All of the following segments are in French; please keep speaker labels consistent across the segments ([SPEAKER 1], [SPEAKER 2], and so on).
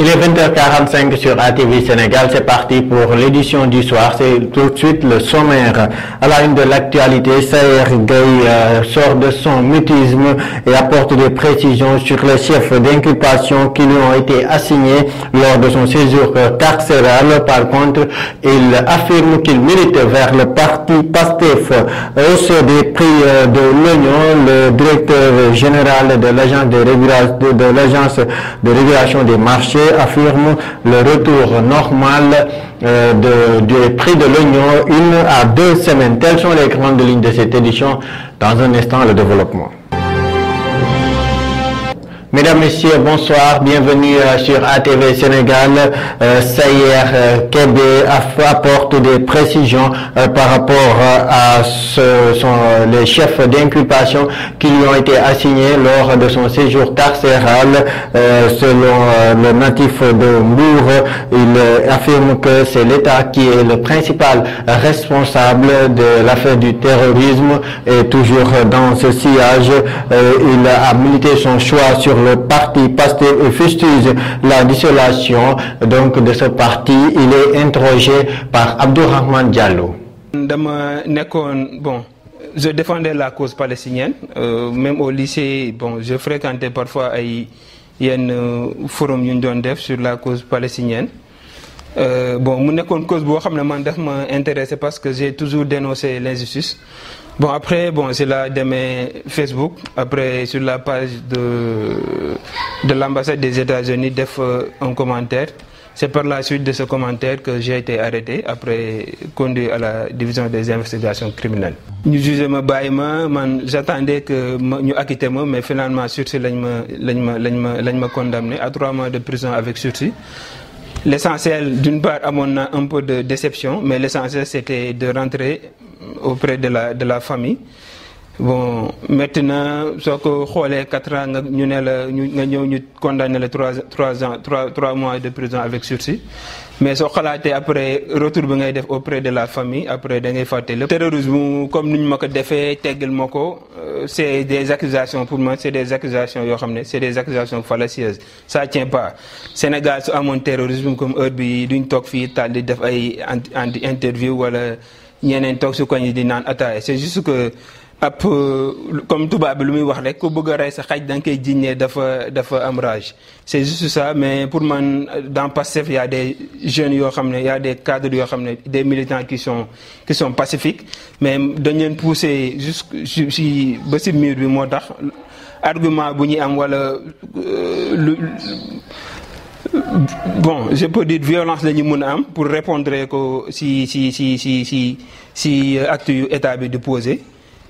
[SPEAKER 1] Il est 20h45 sur ATV Sénégal. C'est parti pour l'édition du soir. C'est tout de suite le sommaire. À la une de l'actualité, Saïr Gay euh, sort de son mutisme et apporte des précisions sur les chefs d'inculpation qui lui ont été assignés lors de son séjour carcéral. Par contre, il affirme qu'il milite vers le parti PASTEF. au des prix euh, de l'Union, le directeur général de l'agence de, de régulation des marchés affirme le retour normal euh, du prix de l'oignon une à deux semaines. Telles sont les grandes lignes de cette édition. Dans un instant, le développement. Mesdames, Messieurs, bonsoir. Bienvenue euh, sur ATV Sénégal. Euh, Sayer euh, Kébé apporte des précisions euh, par rapport à ce, les chefs d'inculpation qui lui ont été assignés lors de son séjour carcéral. selon le natif de Mour, il affirme que c'est l'État qui est le principal responsable de l'affaire du terrorisme et toujours dans ce sillage, il a milité son choix sur le parti Pasteur et la dissolution donc de ce parti. Il est interrogé par Abdourahman Diallo.
[SPEAKER 2] bon, je défendais la cause palestinienne. Euh, même au lycée, bon, je fréquentais parfois un euh, forum sur la cause palestinienne. Euh, bon, mon cause, je intéressé parce que j'ai toujours dénoncé l'injustice. Bon, après, bon, c'est là mes Facebook. Après, sur la page de, de l'ambassade des États-Unis, fois euh, un commentaire. C'est par la suite de ce commentaire que j'ai été arrêté, après conduit à la division des investigations criminelles. Nous jugeons me j'attendais que nous acquittions, mais finalement, sursis, ils m'ont condamné à trois mois de prison avec sursis. L'essentiel, d'une part, à mon un peu de déception, mais l'essentiel, c'était de rentrer auprès de la, de la famille bon maintenant soo ko les quatre ans nous ñu ne ñu nga ñu condamné la trois trois ans trois mois de prison avec sursis mais ce que après retour bi ngay def auprès de la famille après da ngay terrorisme comme nous ñu ma ko defee teggal euh, des accusations pour moi c'est des accusations yoo xam ne des accusations fallacieuses ça tient pas Sénégal su mon terrorisme comme heure bi duñ toog fii taal di def ay anti interview wala ñeneen toog su ko di naan ataaya c' juste que. Après, euh, comme tubaab bi lu muy wax rek ko bëgg a sa xaj dang nga koy jiñ dafa dafa am rage c'est juste ça mais pour man dans il y a des jeunes yo xamné il y a des cadres yo xamné des militants qui sont qui sont pacifiques mais dañ leen pousser jusque si ba ci mur bi moo tax argument bu ñi am wala euh, bon je peux dire violence la mëna am pour répondre ko si si si si si si acte état bi di poser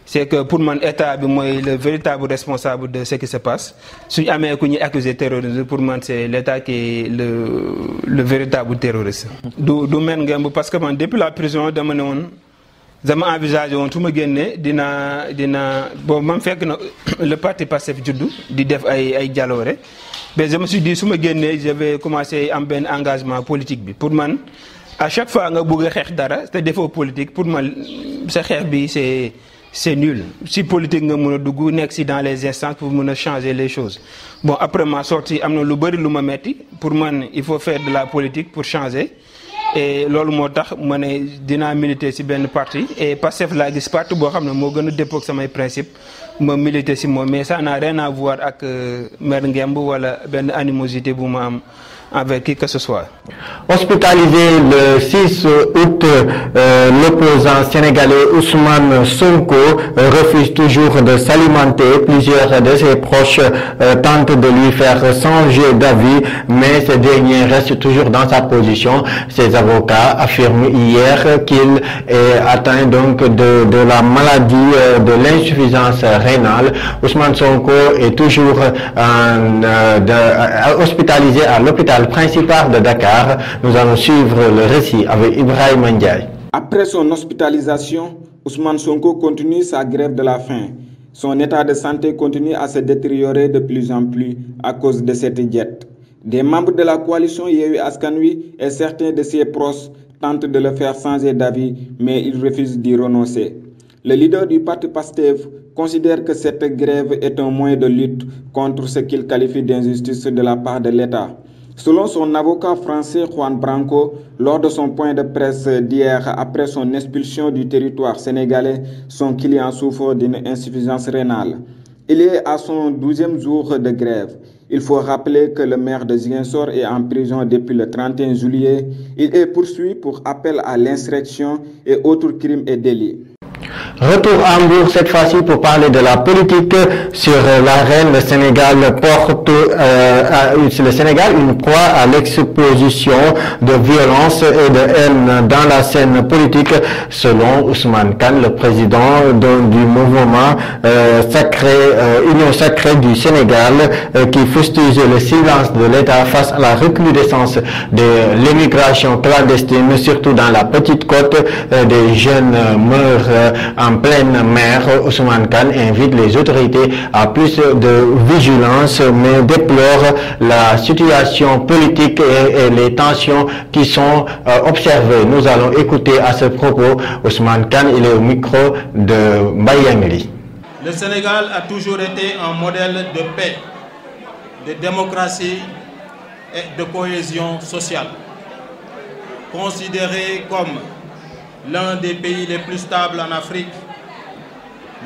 [SPEAKER 2] c'est que pour moi, l'État est le véritable responsable de ce qui se passe Si jamais on accusé de terrorisme pour moi, c'est l'état qui est le véritable terroriste. du du parce que depuis la prison j'ai me j'ai envisagé de tout faire. génnee me bon man le parti est passé di def ay ay mais je me suis dit que ma génnee je vais commencer am un engagement politique pour moi, à chaque fois que je a xeex c'est un défaut politique pour moi, c'est c'est c'est nul. Si politique nga mën a dugg dans les instances pour nous changer les choses bon après ma sortie amnon na lu metti pour moi, il faut faire de la politique pour changer et loolu moo tax ma ne dinaa militer si parti et Pastef laa la parti pas xam ne moo que c'est dëppoo samay principe ma militer si moi mais ça n'a rien à voir avec euh, mer ngemb wala ben animosité pour ma am avec qui que ce soit.
[SPEAKER 1] Hospitalisé le 6 août, euh, l'opposant sénégalais Ousmane Sonko euh, refuse toujours de s'alimenter. Plusieurs de ses proches euh, tentent de lui faire changer d'avis, mais ce dernier reste toujours dans sa position. Ses avocats affirment hier qu'il est atteint donc de, la maladie de l'insuffisance rénale. Ousmane Sonko est toujours hospitalisé à l'hôpital principal principale de Dakar. Nous allons suivre le récit avec Ibrahim Ndiaye.
[SPEAKER 3] Après son hospitalisation, Ousmane Sonko continue sa grève de la faim. Son état de santé continue à se détériorer de plus en plus à cause de cette diète. Des membres de la coalition Yehu Askanui et certains de ses proches tentent de le faire changer d'avis, mais il refuse d'y renoncer. Le leader du parti Pastev considère que cette grève est un moyen de lutte contre ce qu'il qualifie d'injustice de la part de l'État. Selon son avocat français Juan Branco, lors de son point de presse d'hier après son expulsion du territoire sénégalais, son client souffre d'une insuffisance rénale. Il est à son douzième jour de grève. Il faut rappeler que le maire de Ziguinchor est en prison depuis le 31 juillet. Il est poursuivi pour appel à l'insurrection et autres crimes et délits.
[SPEAKER 1] Retour à Hambourg cette fois-ci pour parler de la politique sur l'arène. Le Sénégal porte euh, euh le Sénégal une croix à l'exposition de violence et de haine dans la scène politique, selon Ousmane Khan, le président du mouvement euh, sacré euh, Union sacrée du Sénégal, qui fustige le silence de l'État face à la recrudescence de l'immigration clandestine, surtout dans la petite côte. des jeunes meurent en pleine mer, Ousmane Khan invite les autorités à plus de vigilance, mais déplore la situation politique et, les tensions qui sont euh, observées. Nous allons écouter à ce propos Ousmane Khan, il est au micro de Bayameli.
[SPEAKER 4] Le Sénégal a toujours été un modèle de paix, de démocratie et de cohésion sociale. Considéré comme l'un des pays les plus stables en Afrique,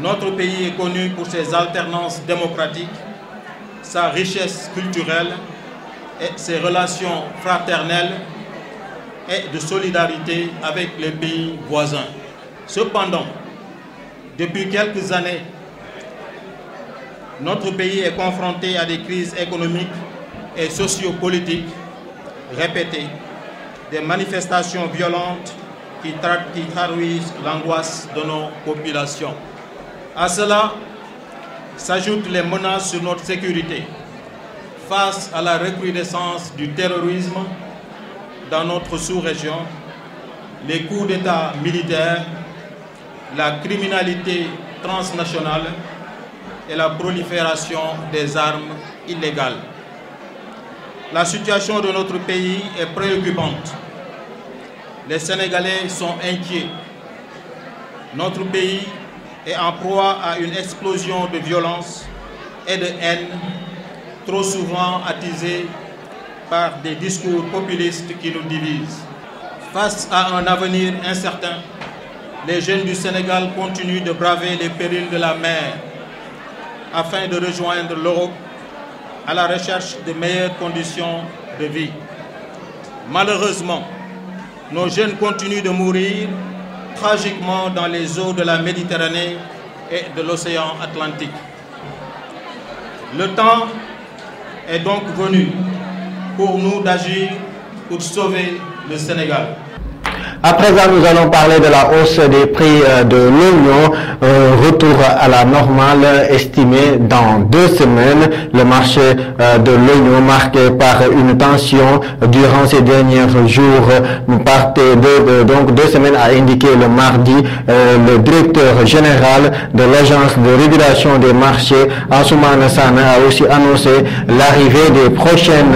[SPEAKER 4] notre pays est connu pour ses alternances démocratiques, sa richesse culturelle et ses relations fraternelles et de solidarité avec les pays voisins. Cependant, depuis quelques années, notre pays est confronté à des crises économiques et sociopolitiques répétées, des manifestations violentes qui, qui traduisent l'angoisse de nos populations. À cela s'ajoutent les menaces sur notre sécurité face à la recrudescence du terrorisme dans notre sous-région, les coups d'État militaires, la criminalité transnationale et la prolifération des armes illégales. La situation de notre pays est préoccupante les Sénégalais sont inquiets. Notre pays est en proie à une explosion de violence et de haine, trop souvent attisée par des discours populistes qui nous divisent. Face à un avenir incertain, les jeunes du Sénégal continuent de braver les périls de la mer afin de rejoindre l'Europe à la recherche de meilleures conditions de vie. Malheureusement, nos jeunes continuent de mourir tragiquement dans les eaux de la Méditerranée et de l'océan Atlantique. Le temps est donc venu pour nous d'agir pour sauver le Sénégal.
[SPEAKER 1] À présent, nous allons parler de la hausse des prix euh, de l'oignon, retour à la normale estimée dans deux semaines. Le marché euh, de l'oignon marqué par une tension durant ces derniers jours, par de, donc deux semaines a indiqué le mardi euh, le directeur général de l'agence de régulation des marchés, Asuman Sana, a aussi annoncé l'arrivée des prochaines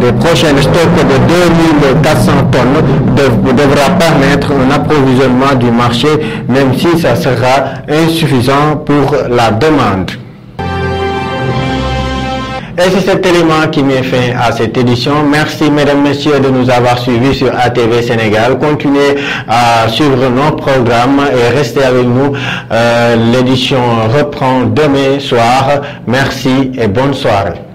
[SPEAKER 1] des prochaines stocks de 2400 tonnes de devra permettre un approvisionnement du marché, même si ça sera insuffisant pour la demande. Et c'est cet élément qui met fin à cette édition. Merci, mesdames, messieurs, de nous avoir suivis sur ATV Sénégal. Continuez à suivre nos programmes et restez avec nous. Euh, l'édition reprend demain soir. Merci et bonne soirée.